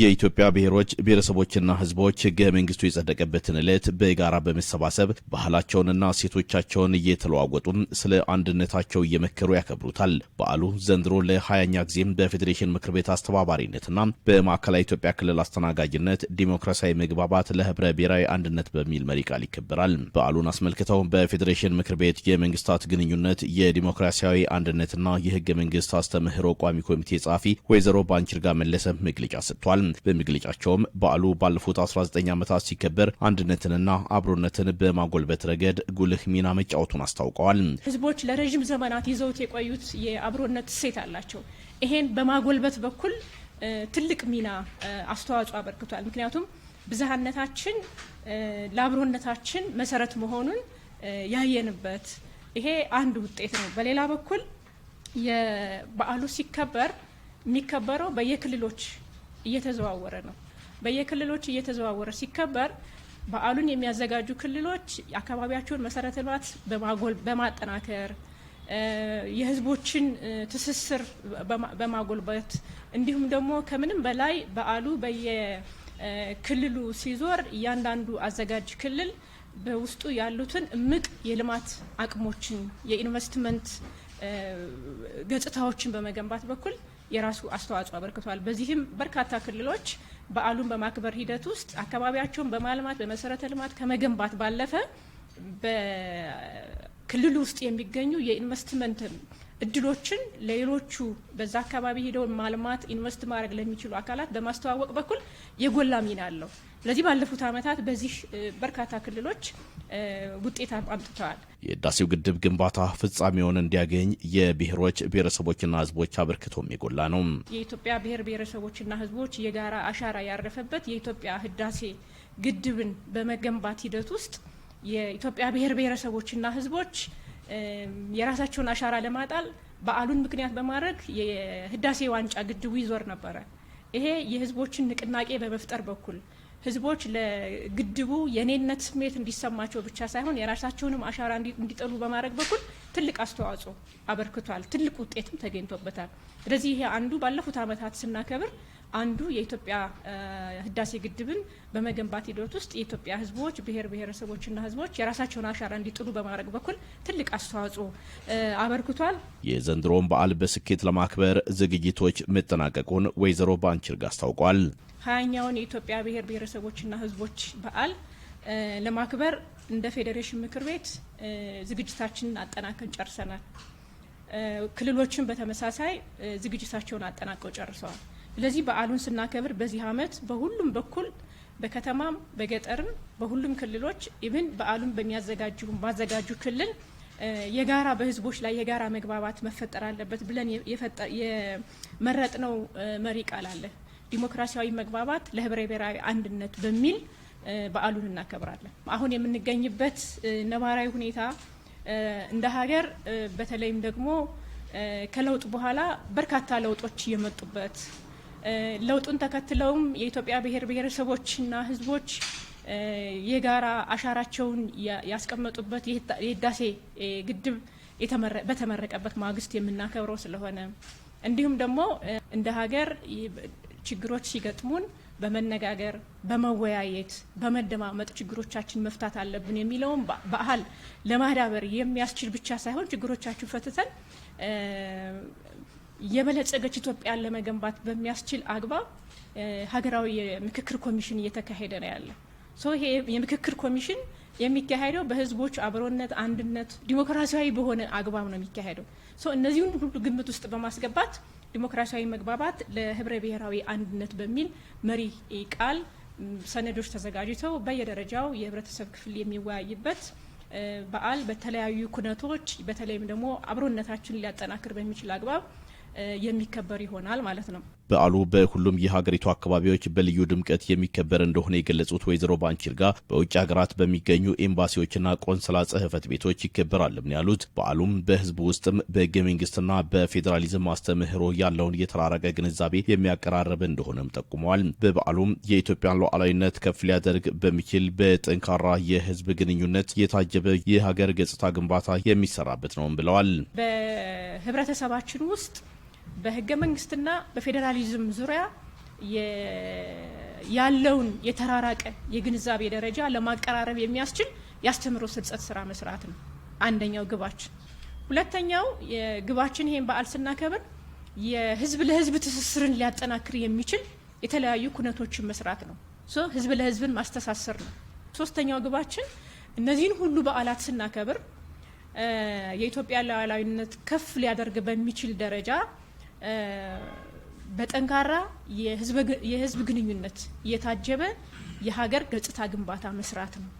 የኢትዮጵያ ብሔሮች ብሔረሰቦችና ህዝቦች ህገ መንግስቱ የጸደቀበትን ዕለት በጋራ በመሰባሰብ ባህላቸውንና ሴቶቻቸውን እየተለዋወጡ ስለ አንድነታቸው እየመከሩ ያከብሩታል። በዓሉ ዘንድሮ ለሀያኛ ጊዜም በፌዴሬሽን ምክር ቤት አስተባባሪነትና በማዕከላዊ ኢትዮጵያ ክልል አስተናጋጅነት ዲሞክራሲያዊ መግባባት ለህብረ ብሔራዊ አንድነት በሚል መሪ ቃል ይከበራል። በዓሉን አስመልክተው በፌዴሬሽን ምክር ቤት የመንግስታት ግንኙነት የዲሞክራሲያዊ አንድነትና የህገ መንግስት አስተምህሮ ቋሚ ኮሚቴ ጸሐፊ ወይዘሮ ባንቺርጋ መለሰ መግለጫ ሰጥቷል። በመግለጫቸውም በዓሉ ባለፉት 19 ዓመታት ሲከበር አንድነትንና አብሮነትን በማጎልበት ረገድ ጉልህ ሚና መጫወቱን አስታውቀዋል። ህዝቦች ለረዥም ዘመናት ይዘውት የቆዩት የአብሮነት እሴት አላቸው። ይሄን በማጎልበት በኩል ትልቅ ሚና አስተዋጽኦ አበርክቷል። ምክንያቱም ብዝሃነታችን ለአብሮነታችን መሰረት መሆኑን ያየንበት ይሄ አንድ ውጤት ነው። በሌላ በኩል የበዓሉ ሲከበር የሚከበረው በየክልሎች እየተዘዋወረ ነው። በየክልሎች እየተዘዋወረ ሲከበር በዓሉን የሚያዘጋጁ ክልሎች አካባቢያቸውን መሰረተ ልማት በማጎል በማጠናከር የህዝቦችን ትስስር በማጎልበት እንዲሁም ደግሞ ከምንም በላይ በዓሉ በየክልሉ ሲዞር እያንዳንዱ አዘጋጅ ክልል በውስጡ ያሉትን እምቅ የልማት አቅሞችን የኢንቨስትመንት ገጽታዎችን በመገንባት በኩል የራሱ አስተዋጽኦ አበርክቷል። በዚህም በርካታ ክልሎች በዓሉን በማክበር ሂደት ውስጥ አካባቢያቸውን በማልማት በመሰረተ ልማት ከመገንባት ባለፈ በክልሉ ውስጥ የሚገኙ የኢንቨስትመንት እድሎችን ለሌሎቹ በዛ አካባቢ ሄደው ማልማት ኢንቨስት ማድረግ ለሚችሉ አካላት በማስተዋወቅ በኩል የጎላ ሚና አለው። ስለዚህ ባለፉት ዓመታት በዚህ በርካታ ክልሎች ውጤት አምጥተዋል። የህዳሴው ግድብ ግንባታ ፍጻሜውን እንዲያገኝ የብሔሮች ብሔረሰቦችና ህዝቦች አበርክቶም የጎላ ነው። የኢትዮጵያ ብሔር ብሔረሰቦችና ህዝቦች የጋራ አሻራ ያረፈበት የኢትዮጵያ ህዳሴ ግድብን በመገንባት ሂደት ውስጥ የኢትዮጵያ ብሔር ብሔረሰቦችና ህዝቦች የራሳቸውን አሻራ ለማጣል በዓሉን ምክንያት በማድረግ የህዳሴ ዋንጫ ግድቡ ይዞር ነበረ። ይሄ የህዝቦችን ንቅናቄ በመፍጠር በኩል ህዝቦች ለግድቡ የኔነት ስሜት እንዲሰማቸው ብቻ ሳይሆን የራሳቸውንም አሻራ እንዲጠሉ በማድረግ በኩል ትልቅ አስተዋጽኦ አበርክቷል። ትልቅ ውጤትም ተገኝቶበታል። ስለዚህ ይሄ አንዱ ባለፉት ዓመታት ስናከብር አንዱ የኢትዮጵያ ህዳሴ ግድብን በመገንባት ሂደት ውስጥ የኢትዮጵያ ህዝቦች ብሔር ብሔረሰቦችና ህዝቦች የራሳቸውን አሻራ እንዲጥሉ በማድረግ በኩል ትልቅ አስተዋጽኦ አበርክቷል። የዘንድሮውን በዓል በስኬት ለማክበር ዝግጅቶች መጠናቀቁን ወይዘሮ ባንችርግ አስታውቋል። ሀያኛውን የኢትዮጵያ ብሔር ብሔረሰቦችና ህዝቦች በዓል ለማክበር እንደ ፌዴሬሽን ምክር ቤት ዝግጅታችንን አጠናከን ጨርሰናል። ክልሎችን በተመሳሳይ ዝግጅታቸውን አጠናቀው ጨርሰዋል። ስለዚህ በዓሉን ስናከብር በዚህ አመት በሁሉም በኩል በከተማም በገጠርም በሁሉም ክልሎች ኢብን በዓሉን በሚያዘጋጁ ማዘጋጁ ክልል የጋራ በህዝቦች ላይ የጋራ መግባባት መፈጠር አለበት ብለን የመረጥነው መሪ ቃል አለ። ዲሞክራሲያዊ መግባባት ለህብረ ብሔራዊ አንድነት በሚል በዓሉን እናከብራለን። አሁን የምንገኝበት ነባራዊ ሁኔታ እንደ ሀገር በተለይም ደግሞ ከለውጥ በኋላ በርካታ ለውጦች የመጡበት ለውጡን ተከትለውም የኢትዮጵያ ብሔር ብሔረሰቦችና ህዝቦች የጋራ አሻራቸውን ያስቀመጡበት የህዳሴ ግድብ በተመረቀበት ማግስት የምናከብረው ስለሆነ እንዲሁም ደግሞ እንደ ሀገር ችግሮች ሲገጥሙን በመነጋገር በመወያየት በመደማመጥ ችግሮቻችን መፍታት አለብን የሚለውን ባህል ለማዳበር የሚያስችል ብቻ ሳይሆን ችግሮቻችን ፈትተን የበለጸገች ኢትዮጵያን ለመገንባት በሚያስችል አግባብ ሀገራዊ የምክክር ኮሚሽን እየተካሄደ ነው ያለ ሰው ይሄ የምክክር ኮሚሽን የሚካሄደው በህዝቦች አብሮነት፣ አንድነት፣ ዲሞክራሲያዊ በሆነ አግባብ ነው የሚካሄደው። ሰው እነዚሁን ሁሉ ግምት ውስጥ በማስገባት ዲሞክራሲያዊ መግባባት ለህብረ ብሔራዊ አንድነት በሚል መሪ ቃል ሰነዶች ተዘጋጅተው በየደረጃው የህብረተሰብ ክፍል የሚወያይበት በዓል በተለያዩ ኩነቶች በተለይም ደግሞ አብሮነታችን ሊያጠናክር በሚችል አግባብ የሚከበር ይሆናል ማለት ነው። በዓሉ በሁሉም የሀገሪቱ አካባቢዎች በልዩ ድምቀት የሚከበር እንደሆነ የገለጹት ወይዘሮ ባንቺርጋ በውጭ ሀገራት በሚገኙ ኤምባሲዎችና ቆንስላ ጽህፈት ቤቶች ይከበራልም ያሉት። በዓሉም በህዝቡ ውስጥም በህገ መንግስትና በፌዴራሊዝም አስተምህሮ ያለውን የተራረቀ ግንዛቤ የሚያቀራረብ እንደሆነም ጠቁመዋል። በበዓሉም የኢትዮጵያን ሉዓላዊነት ከፍ ሊያደርግ በሚችል በጠንካራ የህዝብ ግንኙነት የታጀበ የሀገር ገጽታ ግንባታ የሚሰራበት ነውም ብለዋል። በህብረተሰባችን ውስጥ በህገ መንግስትና በፌዴራሊዝም ዙሪያ ያለውን የተራራቀ የግንዛቤ ደረጃ ለማቀራረብ የሚያስችል የአስተምህሮ ስርጸት ስራ መስራት ነው አንደኛው ግባችን። ሁለተኛው ግባችን ይሄን በዓል ስናከብር የህዝብ ለህዝብ ትስስርን ሊያጠናክር የሚችል የተለያዩ ኩነቶችን መስራት ነው። ህዝብ ለህዝብን ማስተሳሰር ነው። ሶስተኛው ግባችን እነዚህን ሁሉ በዓላት ስናከብር የኢትዮጵያ ሉዓላዊነት ከፍ ሊያደርግ በሚችል ደረጃ በጠንካራ የህዝብ ግንኙነት የታጀበ የሀገር ገጽታ ግንባታ መስራት ነው።